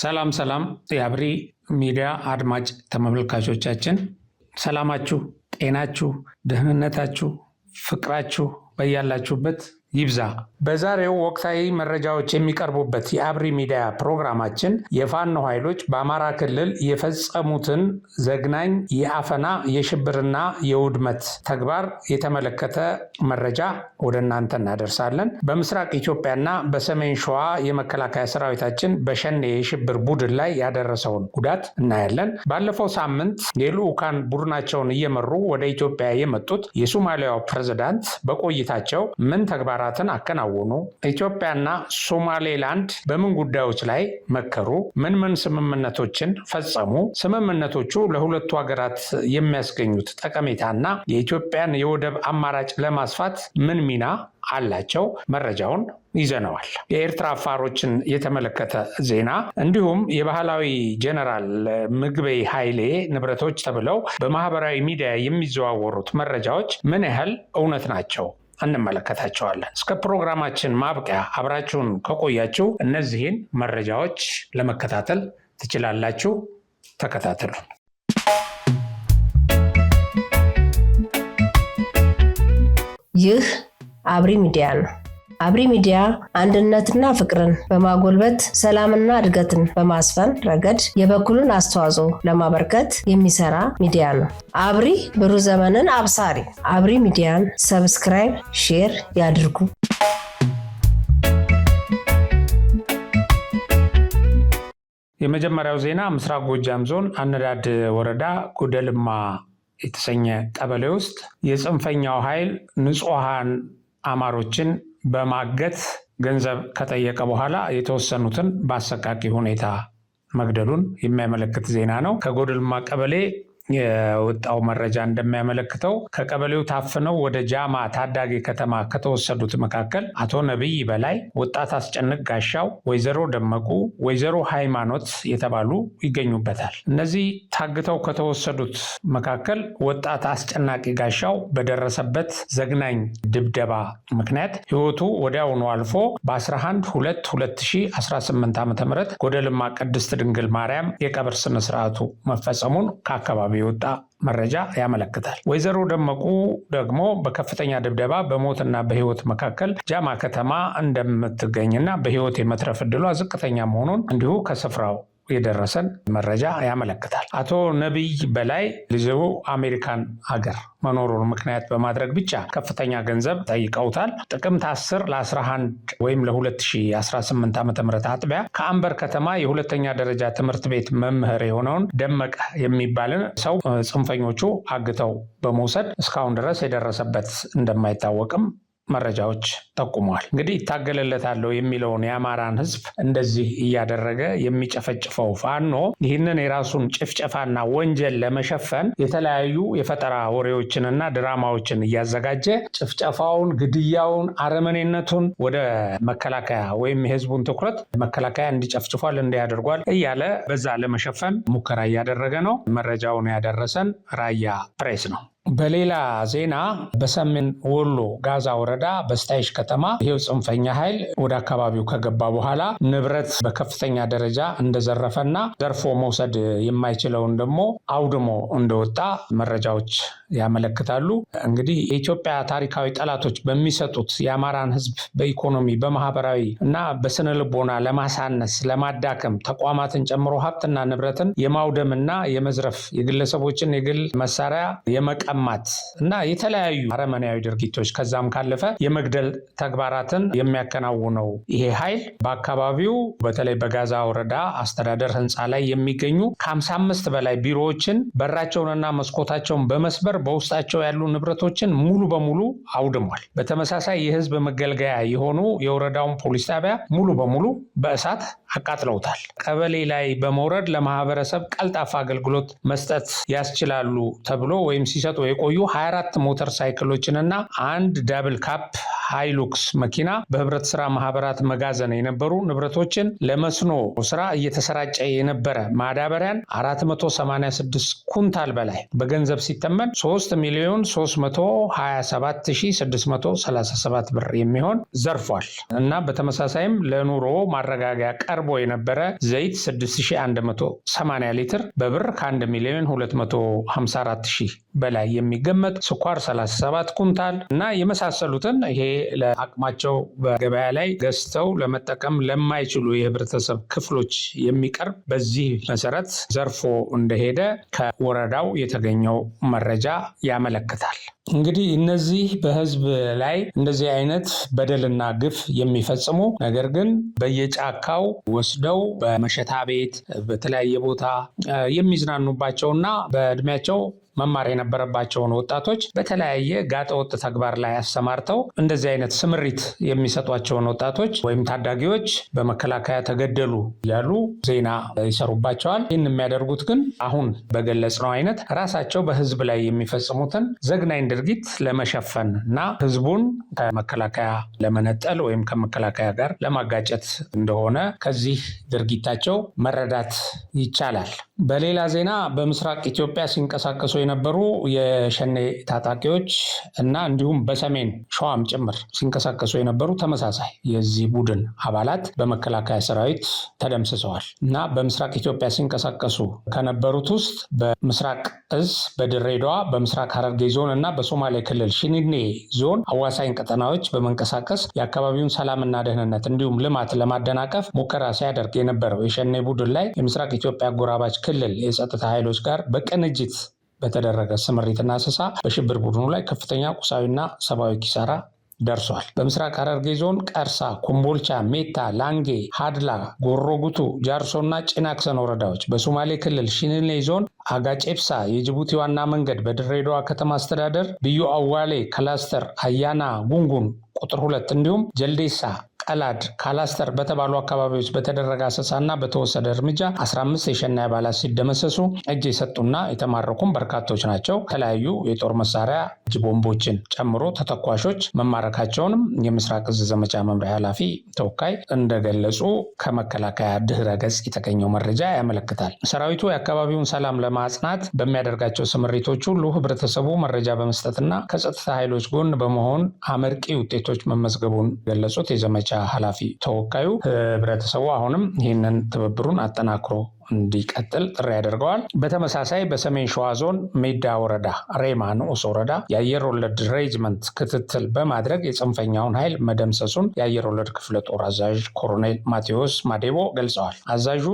ሰላም ሰላም የአብሪ ሚዲያ አድማጭ ተመልካቾቻችን ሰላማችሁ፣ ጤናችሁ፣ ደህንነታችሁ፣ ፍቅራችሁ በያላችሁበት ይብዛ። በዛሬው ወቅታዊ መረጃዎች የሚቀርቡበት የአብሪ ሚዲያ ፕሮግራማችን የፋኖ ኃይሎች በአማራ ክልል የፈጸሙትን ዘግናኝ የአፈና የሽብርና የውድመት ተግባር የተመለከተ መረጃ ወደ እናንተ እናደርሳለን። በምስራቅ ኢትዮጵያና በሰሜን ሸዋ የመከላከያ ሰራዊታችን በሸኔ የሽብር ቡድን ላይ ያደረሰውን ጉዳት እናያለን። ባለፈው ሳምንት የልዑካን ቡድናቸውን እየመሩ ወደ ኢትዮጵያ የመጡት የሶማሊያው ፕሬዝዳንት በቆይታቸው ምን ተግባር ተግባራትን አከናወኑ? ኢትዮጵያና ሶማሌላንድ በምን ጉዳዮች ላይ መከሩ? ምን ምን ስምምነቶችን ፈጸሙ? ስምምነቶቹ ለሁለቱ ሀገራት የሚያስገኙት ጠቀሜታና የኢትዮጵያን የወደብ አማራጭ ለማስፋት ምን ሚና አላቸው? መረጃውን ይዘነዋል። የኤርትራ አፋሮችን የተመለከተ ዜና እንዲሁም የባህላዊ ጀነራል ምግበይ ኃይሌ ንብረቶች ተብለው በማህበራዊ ሚዲያ የሚዘዋወሩት መረጃዎች ምን ያህል እውነት ናቸው? እንመለከታቸዋለን። እስከ ፕሮግራማችን ማብቂያ አብራችሁን ከቆያችሁ እነዚህን መረጃዎች ለመከታተል ትችላላችሁ። ተከታተሉ። ይህ አብሪ ሚዲያ ነው። አብሪ ሚዲያ አንድነትና ፍቅርን በማጎልበት ሰላምና እድገትን በማስፈን ረገድ የበኩሉን አስተዋጽኦ ለማበርከት የሚሰራ ሚዲያ ነው። አብሪ ብሩህ ዘመንን አብሳሪ። አብሪ ሚዲያን ሰብስክራይብ፣ ሼር ያድርጉ። የመጀመሪያው ዜና ምስራቅ ጎጃም ዞን አነዳድ ወረዳ ጉደልማ የተሰኘ ቀበሌ ውስጥ የጽንፈኛው ኃይል ንጹሐን አማሮችን በማገት ገንዘብ ከጠየቀ በኋላ የተወሰኑትን በአሰቃቂ ሁኔታ መግደሉን የሚያመለክት ዜና ነው። ከጎደልማ ቀበሌ የወጣው መረጃ እንደሚያመለክተው ከቀበሌው ታፍነው ወደ ጃማ ታዳጊ ከተማ ከተወሰዱት መካከል አቶ ነቢይ በላይ፣ ወጣት አስጨንቅ ጋሻው፣ ወይዘሮ ደመቁ፣ ወይዘሮ ሃይማኖት የተባሉ ይገኙበታል። እነዚህ ታግተው ከተወሰዱት መካከል ወጣት አስጨናቂ ጋሻው በደረሰበት ዘግናኝ ድብደባ ምክንያት ህይወቱ ወዲያውኑ አልፎ በ11 2 2018 ዓ ም ጎደልማ ቅድስት ድንግል ማርያም የቀብር ስነስርዓቱ መፈጸሙን ከአካባቢ የወጣ መረጃ ያመለክታል። ወይዘሮ ደመቁ ደግሞ በከፍተኛ ድብደባ በሞትና በህይወት መካከል ጃማ ከተማ እንደምትገኝና በህይወት የመትረፍ እድሏ ዝቅተኛ መሆኑን እንዲሁ ከስፍራው የደረሰን መረጃ ያመለክታል። አቶ ነቢይ በላይ ልጅቡ አሜሪካን ሀገር መኖሩን ምክንያት በማድረግ ብቻ ከፍተኛ ገንዘብ ጠይቀውታል። ጥቅምት 10 ለ11 ወይም ለ2018 ዓ ም አጥቢያ ከአምበር ከተማ የሁለተኛ ደረጃ ትምህርት ቤት መምህር የሆነውን ደመቀ የሚባልን ሰው ጽንፈኞቹ አግተው በመውሰድ እስካሁን ድረስ የደረሰበት እንደማይታወቅም መረጃዎች ጠቁመዋል። እንግዲህ ይታገለለታለሁ የሚለውን የአማራን ህዝብ እንደዚህ እያደረገ የሚጨፈጭፈው ፋኖ ይህንን የራሱን ጭፍጨፋና ወንጀል ለመሸፈን የተለያዩ የፈጠራ ወሬዎችንና ድራማዎችን እያዘጋጀ ጭፍጨፋውን፣ ግድያውን፣ አረመኔነቱን ወደ መከላከያ ወይም የህዝቡን ትኩረት መከላከያ እንዲጨፍጭፏል እንዲያደርጓል እያለ በዛ ለመሸፈን ሙከራ እያደረገ ነው። መረጃውን ያደረሰን ራያ ፕሬስ ነው። በሌላ ዜና በሰሜን ወሎ ጋዛ ወረዳ በስታይሽ ከተማ ይሄው ጽንፈኛ ኃይል ወደ አካባቢው ከገባ በኋላ ንብረት በከፍተኛ ደረጃ እንደዘረፈና ዘርፎ መውሰድ የማይችለውን ደግሞ አውድሞ እንደወጣ መረጃዎች ያመለክታሉ። እንግዲህ የኢትዮጵያ ታሪካዊ ጠላቶች በሚሰጡት የአማራን ሕዝብ በኢኮኖሚ በማህበራዊ እና በስነ ልቦና ለማሳነስ ለማዳከም ተቋማትን ጨምሮ ሀብትና ንብረትን የማውደምና የመዝረፍ የግለሰቦችን የግል መሳሪያ የመቀ መቀማት እና የተለያዩ አረመናዊ ድርጊቶች ከዛም ካለፈ የመግደል ተግባራትን የሚያከናውነው ይሄ ኃይል በአካባቢው በተለይ በጋዛ ወረዳ አስተዳደር ህንፃ ላይ የሚገኙ ከ55 በላይ ቢሮዎችን በራቸውንና መስኮታቸውን በመስበር በውስጣቸው ያሉ ንብረቶችን ሙሉ በሙሉ አውድሟል። በተመሳሳይ የህዝብ መገልገያ የሆኑ የወረዳውን ፖሊስ ጣቢያ ሙሉ በሙሉ በእሳት አቃጥለውታል። ቀበሌ ላይ በመውረድ ለማህበረሰብ ቀልጣፋ አገልግሎት መስጠት ያስችላሉ ተብሎ ወይም ሲሰጡ የቆዩ 24 ሞተር ሳይክሎችን እና አንድ ዳብል ካፕ ሃይሉክስ መኪና በህብረት ስራ ማህበራት መጋዘን የነበሩ ንብረቶችን ለመስኖ ስራ እየተሰራጨ የነበረ ማዳበሪያን 486 ኩንታል በላይ በገንዘብ ሲተመን 3 ሚሊዮን 327637 ብር የሚሆን ዘርፏል እና በተመሳሳይም ለኑሮ ማረጋጊያ ቀርቦ የነበረ ዘይት 6180 ሊትር በብር ከ1 ሚሊዮን 254 ሺህ በላይ የሚገመት ስኳር 37 ኩንታል እና የመሳሰሉትን ይሄ ለአቅማቸው በገበያ ላይ ገዝተው ለመጠቀም ለማይችሉ የህብረተሰብ ክፍሎች የሚቀርብ በዚህ መሰረት ዘርፎ እንደሄደ ከወረዳው የተገኘው መረጃ ያመለክታል። እንግዲህ እነዚህ በህዝብ ላይ እንደዚህ አይነት በደልና ግፍ የሚፈጽሙ ነገር ግን በየጫካው ወስደው በመሸታ ቤት በተለያየ ቦታ የሚዝናኑባቸውና በእድሜያቸው መማር የነበረባቸውን ወጣቶች በተለያየ ጋጠወጥ ተግባር ላይ አሰማርተው እንደዚህ አይነት ስምሪት የሚሰጧቸውን ወጣቶች ወይም ታዳጊዎች በመከላከያ ተገደሉ ያሉ ዜና ይሰሩባቸዋል። ይህን የሚያደርጉት ግን አሁን በገለጽነው አይነት ራሳቸው በህዝብ ላይ የሚፈጽሙትን ዘግናኝ ድርጊት ለመሸፈን እና ህዝቡን ከመከላከያ ለመነጠል ወይም ከመከላከያ ጋር ለማጋጨት እንደሆነ ከዚህ ድርጊታቸው መረዳት ይቻላል። በሌላ ዜና በምስራቅ ኢትዮጵያ ሲንቀሳቀሱ የነበሩ የሸኔ ታጣቂዎች እና እንዲሁም በሰሜን ሸዋም ጭምር ሲንቀሳቀሱ የነበሩ ተመሳሳይ የዚህ ቡድን አባላት በመከላከያ ሰራዊት ተደምስሰዋል እና በምስራቅ ኢትዮጵያ ሲንቀሳቀሱ ከነበሩት ውስጥ በምስራቅ እዝ በድሬዳዋ በምስራቅ ሐረርጌ ዞን እና በሶማሌ ክልል ሽኒኔ ዞን አዋሳኝ ቀጠናዎች በመንቀሳቀስ የአካባቢውን ሰላምና ደህንነት እንዲሁም ልማት ለማደናቀፍ ሙከራ ሲያደርግ የነበረው የሸኔ ቡድን ላይ የምስራቅ ኢትዮጵያ አጎራባች ክልል የጸጥታ ኃይሎች ጋር በቅንጅት በተደረገ ስምሪትና ስሳ በሽብር ቡድኑ ላይ ከፍተኛ ቁሳዊና ሰብአዊ ኪሳራ ደርሷል። በምስራቅ ሐረርጌ ዞን ቀርሳ፣ ኮምቦልቻ፣ ሜታ፣ ላንጌ፣ ሀድላ፣ ጎሮጉቱ፣ ጃርሶና ጭናክሰን ወረዳዎች፣ በሶማሌ ክልል ሽንሌ ዞን አጋጨፕሳ የጅቡቲ ዋና መንገድ፣ በድሬዳዋ ከተማ አስተዳደር ብዩ አዋሌ ክላስተር አያና ጉንጉን ቁጥር ሁለት እንዲሁም ጀልዴሳ ቀላድ፣ ካላስተር በተባሉ አካባቢዎች በተደረገ አሰሳና በተወሰደ እርምጃ 15 የሸና አባላት ሲደመሰሱ እጅ የሰጡና የተማረኩም በርካቶች ናቸው። የተለያዩ የጦር መሳሪያ እጅ ቦምቦችን ጨምሮ ተተኳሾች መማረካቸውንም የምስራቅ እዝ ዘመቻ መምሪያ ኃላፊ ተወካይ እንደገለጹ ከመከላከያ ድህረ ገጽ የተገኘው መረጃ ያመለክታል። ሰራዊቱ የአካባቢውን ሰላም ለማጽናት በሚያደርጋቸው ስምሪቶች ሁሉ ህብረተሰቡ መረጃ በመስጠትና ከጸጥታ ኃይሎች ጎን በመሆን አመርቂ ውጤቶች መመዝገቡን ገለጹት የዘመቻ ኃላፊ ተወካዩ ህብረተሰቡ አሁንም ይህንን ትብብሩን አጠናክሮ እንዲቀጥል ጥሪ ያደርገዋል። በተመሳሳይ በሰሜን ሸዋ ዞን ሜዳ ወረዳ ሬማ ንዑስ ወረዳ የአየር ወለድ ሬጅመንት ክትትል በማድረግ የጽንፈኛውን ኃይል መደምሰሱን የአየር ወለድ ክፍለ ጦር አዛዥ ኮሎኔል ማቴዎስ ማዴቦ ገልጸዋል። አዛዡ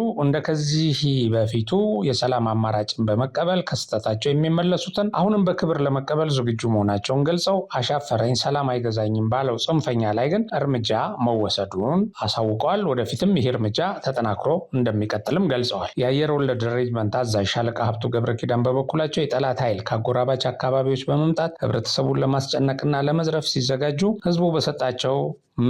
ከዚህ በፊቱ የሰላም አማራጭን በመቀበል ከስህተታቸው የሚመለሱትን አሁንም በክብር ለመቀበል ዝግጁ መሆናቸውን ገልጸው አሻፈረኝ ሰላም አይገዛኝም ባለው ጽንፈኛ ላይ ግን እርምጃ መወሰዱን አሳውቀዋል። ወደፊትም ይህ እርምጃ ተጠናክሮ እንደሚቀጥልም ገልጸዋል። ገልጸዋል። የአየር ወለድ ሬጅመንት አዛዥ ሻለቃ ሀብቱ ገብረ ኪዳን በበኩላቸው የጠላት ኃይል ከአጎራባች አካባቢዎች በመምጣት ህብረተሰቡን ለማስጨነቅና ለመዝረፍ ሲዘጋጁ ህዝቡ በሰጣቸው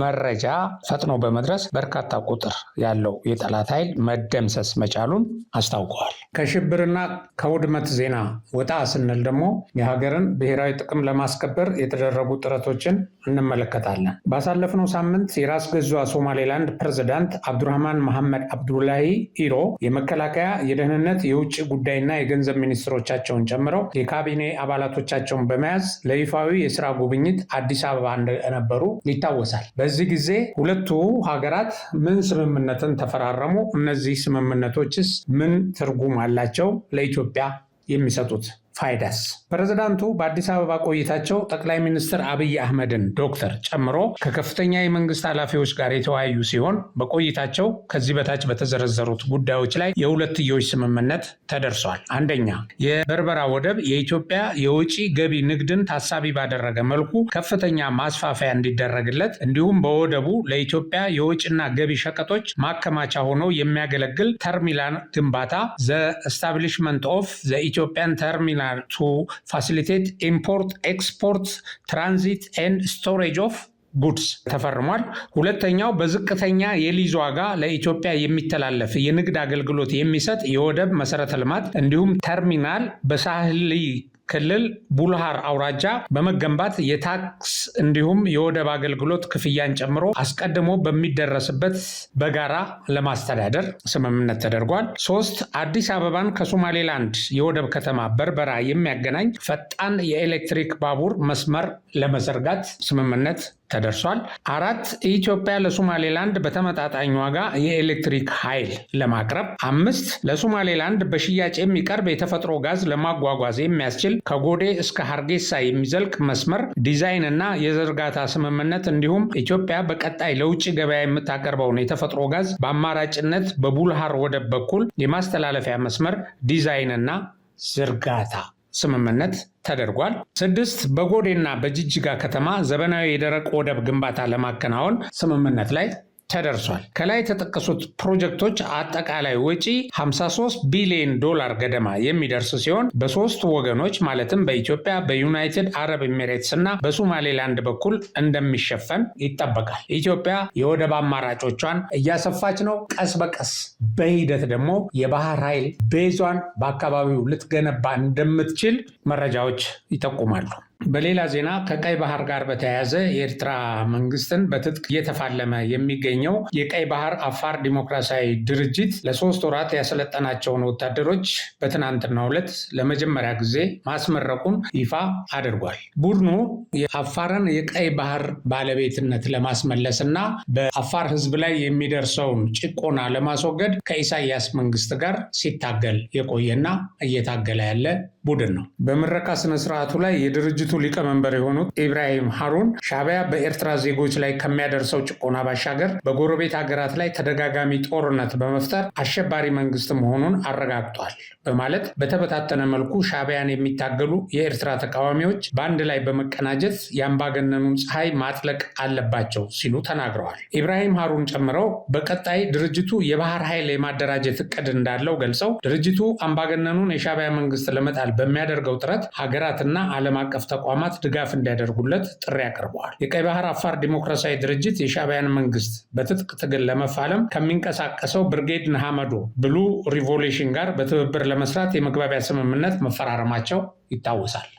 መረጃ ፈጥኖ በመድረስ በርካታ ቁጥር ያለው የጠላት ኃይል መደምሰስ መቻሉን አስታውቀዋል። ከሽብርና ከውድመት ዜና ወጣ ስንል ደግሞ የሀገርን ብሔራዊ ጥቅም ለማስከበር የተደረጉ ጥረቶችን እንመለከታለን። ባሳለፍነው ሳምንት የራስ ገዟ ሶማሌላንድ ፕሬዝዳንት አብዱራህማን መሐመድ አብዱላሂ ኢሮ የመከላከያ፣ የደህንነት፣ የውጭ ጉዳይና የገንዘብ ሚኒስትሮቻቸውን ጨምረው የካቢኔ አባላቶቻቸውን በመያዝ ለይፋዊ የስራ ጉብኝት አዲስ አበባ እንደነበሩ ይታወሳል። በዚህ ጊዜ ሁለቱ ሀገራት ምን ስምምነትን ተፈራረሙ? እነዚህ ስምምነቶችስ ምን ትርጉም አላቸው ለኢትዮጵያ የሚሰጡት? ፋይዳስ ፕሬዝዳንቱ በአዲስ አበባ ቆይታቸው ጠቅላይ ሚኒስትር አብይ አህመድን ዶክተር ጨምሮ ከከፍተኛ የመንግስት ኃላፊዎች ጋር የተወያዩ ሲሆን በቆይታቸው ከዚህ በታች በተዘረዘሩት ጉዳዮች ላይ የሁለትዮሽ ስምምነት ተደርሷል። አንደኛ፣ የበርበራ ወደብ የኢትዮጵያ የውጪ ገቢ ንግድን ታሳቢ ባደረገ መልኩ ከፍተኛ ማስፋፋያ እንዲደረግለት እንዲሁም በወደቡ ለኢትዮጵያ የውጭና ገቢ ሸቀጦች ማከማቻ ሆኖ የሚያገለግል ተርሚናል ግንባታ ዘ ስታብሊሽመንት ኦፍ ዘ ኢትዮጵያን ተርሚናል partner ቱ ፋሲሊቴት ኢምፖርት ኤክስፖርት ትራንዚት and ስቶሬጅ ኦፍ ጉድስ ተፈርሟል። ሁለተኛው በዝቅተኛ የሊዝ ዋጋ ለኢትዮጵያ የሚተላለፍ የንግድ አገልግሎት የሚሰጥ የወደብ መሰረተ ልማት እንዲሁም ተርሚናል በሳህሊ ክልል ቡልሃር አውራጃ በመገንባት የታክስ እንዲሁም የወደብ አገልግሎት ክፍያን ጨምሮ አስቀድሞ በሚደረስበት በጋራ ለማስተዳደር ስምምነት ተደርጓል። ሶስት አዲስ አበባን ከሶማሌላንድ የወደብ ከተማ በርበራ የሚያገናኝ ፈጣን የኤሌክትሪክ ባቡር መስመር ለመዘርጋት ስምምነት ተደርሷል። አራት ኢትዮጵያ ለሶማሌላንድ በተመጣጣኝ ዋጋ የኤሌክትሪክ ኃይል ለማቅረብ፣ አምስት ለሶማሌላንድ በሽያጭ የሚቀርብ የተፈጥሮ ጋዝ ለማጓጓዝ የሚያስችል ከጎዴ እስከ ሀርጌሳ የሚዘልቅ መስመር ዲዛይን እና የዝርጋታ ስምምነት እንዲሁም ኢትዮጵያ በቀጣይ ለውጭ ገበያ የምታቀርበውን የተፈጥሮ ጋዝ በአማራጭነት በቡልሃር ወደብ በኩል የማስተላለፊያ መስመር ዲዛይን እና ዝርጋታ ስምምነት ተደርጓል። ስድስት በጎዴና በጅጅጋ ከተማ ዘመናዊ የደረቅ ወደብ ግንባታ ለማከናወን ስምምነት ላይ ተደርሷል። ከላይ የተጠቀሱት ፕሮጀክቶች አጠቃላይ ወጪ 53 ቢሊዮን ዶላር ገደማ የሚደርስ ሲሆን በሶስት ወገኖች ማለትም በኢትዮጵያ፣ በዩናይትድ አረብ ኤሚሬትስ እና በሶማሌላንድ በኩል እንደሚሸፈን ይጠበቃል። ኢትዮጵያ የወደብ አማራጮቿን እያሰፋች ነው። ቀስ በቀስ በሂደት ደግሞ የባህር ኃይል ቤዟን በአካባቢው ልትገነባ እንደምትችል መረጃዎች ይጠቁማሉ። በሌላ ዜና ከቀይ ባህር ጋር በተያያዘ የኤርትራ መንግስትን በትጥቅ እየተፋለመ የሚገኘው የቀይ ባህር አፋር ዲሞክራሲያዊ ድርጅት ለሶስት ወራት ያሰለጠናቸውን ወታደሮች በትናንትናው ዕለት ለመጀመሪያ ጊዜ ማስመረቁን ይፋ አድርጓል። ቡድኑ የአፋርን የቀይ ባህር ባለቤትነት ለማስመለስ እና በአፋር ህዝብ ላይ የሚደርሰውን ጭቆና ለማስወገድ ከኢሳያስ መንግስት ጋር ሲታገል የቆየና እየታገለ ያለ ቡድን ነው። በምረቃ ስነስርዓቱ ላይ የድርጅቱ የድርጅቱ ሊቀመንበር የሆኑት ኢብራሂም ሀሩን ሻቢያ በኤርትራ ዜጎች ላይ ከሚያደርሰው ጭቆና ባሻገር በጎረቤት ሀገራት ላይ ተደጋጋሚ ጦርነት በመፍጠር አሸባሪ መንግስት መሆኑን አረጋግጧል በማለት በተበታተነ መልኩ ሻቢያን የሚታገሉ የኤርትራ ተቃዋሚዎች በአንድ ላይ በመቀናጀት የአምባገነኑን ፀሐይ ማጥለቅ አለባቸው ሲሉ ተናግረዋል። ኢብራሂም ሀሩን ጨምረው በቀጣይ ድርጅቱ የባህር ኃይል የማደራጀት እቅድ እንዳለው ገልጸው ድርጅቱ አምባገነኑን የሻቢያ መንግስት ለመጣል በሚያደርገው ጥረት ሀገራትና ዓለም አቀፍ ተቋማት ድጋፍ እንዲያደርጉለት ጥሪ አቅርበዋል። የቀይ ባህር አፋር ዲሞክራሲያዊ ድርጅት የሻዕቢያን መንግስት በትጥቅ ትግል ለመፋለም ከሚንቀሳቀሰው ብርጌድ ንሓመዶ ብሉ ሪቮሉሽን ጋር በትብብር ለመስራት የመግባቢያ ስምምነት መፈራረማቸው ይታወሳል።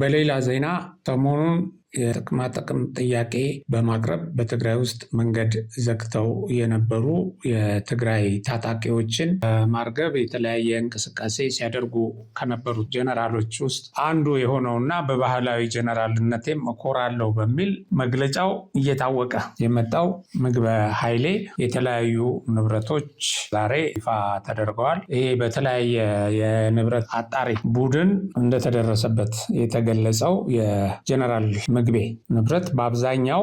በሌላ ዜና ሰሞኑን የጥቅማጥቅም ጥቅም ጥያቄ በማቅረብ በትግራይ ውስጥ መንገድ ዘግተው የነበሩ የትግራይ ታጣቂዎችን በማርገብ የተለያየ እንቅስቃሴ ሲያደርጉ ከነበሩት ጀነራሎች ውስጥ አንዱ የሆነውና በባህላዊ ጀነራልነቴም እኮራለሁ በሚል መግለጫው እየታወቀ የመጣው ምግበ ኃይሌ የተለያዩ ንብረቶች ዛሬ ይፋ ተደርገዋል። ይሄ በተለያየ የንብረት አጣሪ ቡድን እንደተደረሰበት የተገለጸው የጀነራል ምግቤ ንብረት በአብዛኛው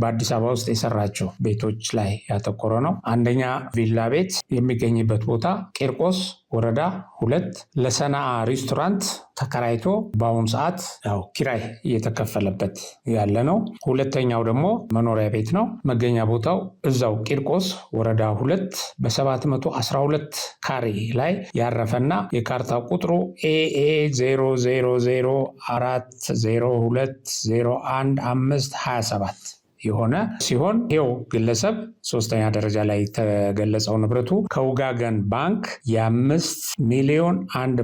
በአዲስ አበባ ውስጥ የሰራቸው ቤቶች ላይ ያተኮረ ነው። አንደኛ ቪላ ቤት የሚገኝበት ቦታ ቂርቆስ ወረዳ ሁለት ለሰናአ ሬስቶራንት ተከራይቶ በአሁኑ ሰዓት ያው ኪራይ እየተከፈለበት ያለ ነው። ሁለተኛው ደግሞ መኖሪያ ቤት ነው። መገኛ ቦታው እዛው ቂርቆስ ወረዳ ሁለት በ712 ካሬ ላይ ያረፈና የካርታ ቁጥሩ ኤኤ 00040201 527 የሆነ ሲሆን ይኸው ግለሰብ ሶስተኛ ደረጃ ላይ የተገለጸው ንብረቱ ከውጋገን ባንክ የአምስት ሚሊዮን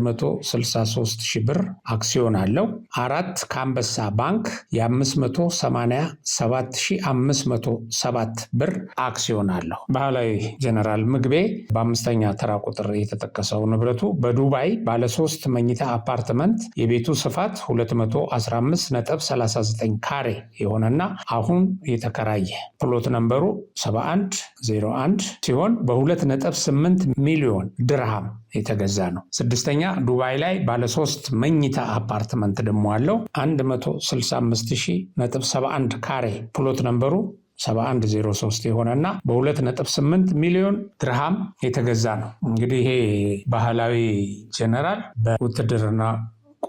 163 ሺህ ብር አክሲዮን አለው። አራት ከአንበሳ ባንክ የ587507 ብር አክሲዮን አለው። ባህላዊ ጀነራል ምግቤ በአምስተኛ ተራ ቁጥር የተጠቀሰው ንብረቱ በዱባይ ባለሶስት መኝታ አፓርትመንት የቤቱ ስፋት 215.39 ካሬ የሆነና አሁን የተከራየ ፕሎት ነንበሩ 7101 ሲሆን በ2.8 ሚሊዮን ድርሃም የተገዛ ነው። ስድስተኛ ዱባይ ላይ ባለሶስት መኝታ አፓርትመንት ደግሞ አለው 165071 ካሬ ፕሎት ነንበሩ 7103 የሆነ እና በ2.8 ሚሊዮን ድርሃም የተገዛ ነው። እንግዲህ ይሄ ባህላዊ ጀነራል በውትድርና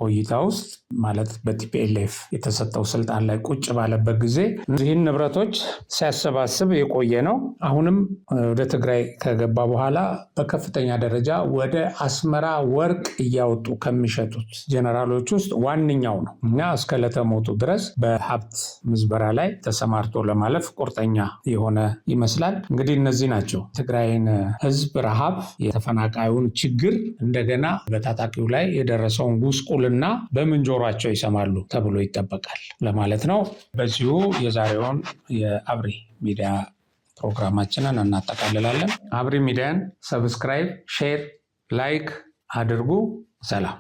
ቆይታ ውስጥ ማለት በቲፒኤልኤፍ የተሰጠው ስልጣን ላይ ቁጭ ባለበት ጊዜ እዚህን ንብረቶች ሲያሰባስብ የቆየ ነው። አሁንም ወደ ትግራይ ከገባ በኋላ በከፍተኛ ደረጃ ወደ አስመራ ወርቅ እያወጡ ከሚሸጡት ጀነራሎች ውስጥ ዋነኛው ነው እና እስከ ለተሞቱ ድረስ በሀብት ምዝበራ ላይ ተሰማርቶ ለማለፍ ቁርጠኛ የሆነ ይመስላል። እንግዲህ እነዚህ ናቸው ትግራይን ህዝብ ረሃብ፣ የተፈናቃዩን ችግር እንደገና በታጣቂው ላይ የደረሰውን ጉስቁል በኩልና በምን ጆሯቸው ይሰማሉ ተብሎ ይጠበቃል ለማለት ነው። በዚሁ የዛሬውን የአብሪ ሚዲያ ፕሮግራማችንን እናጠቃልላለን። አብሪ ሚዲያን ሰብስክራይብ፣ ሼር፣ ላይክ አድርጉ። ሰላም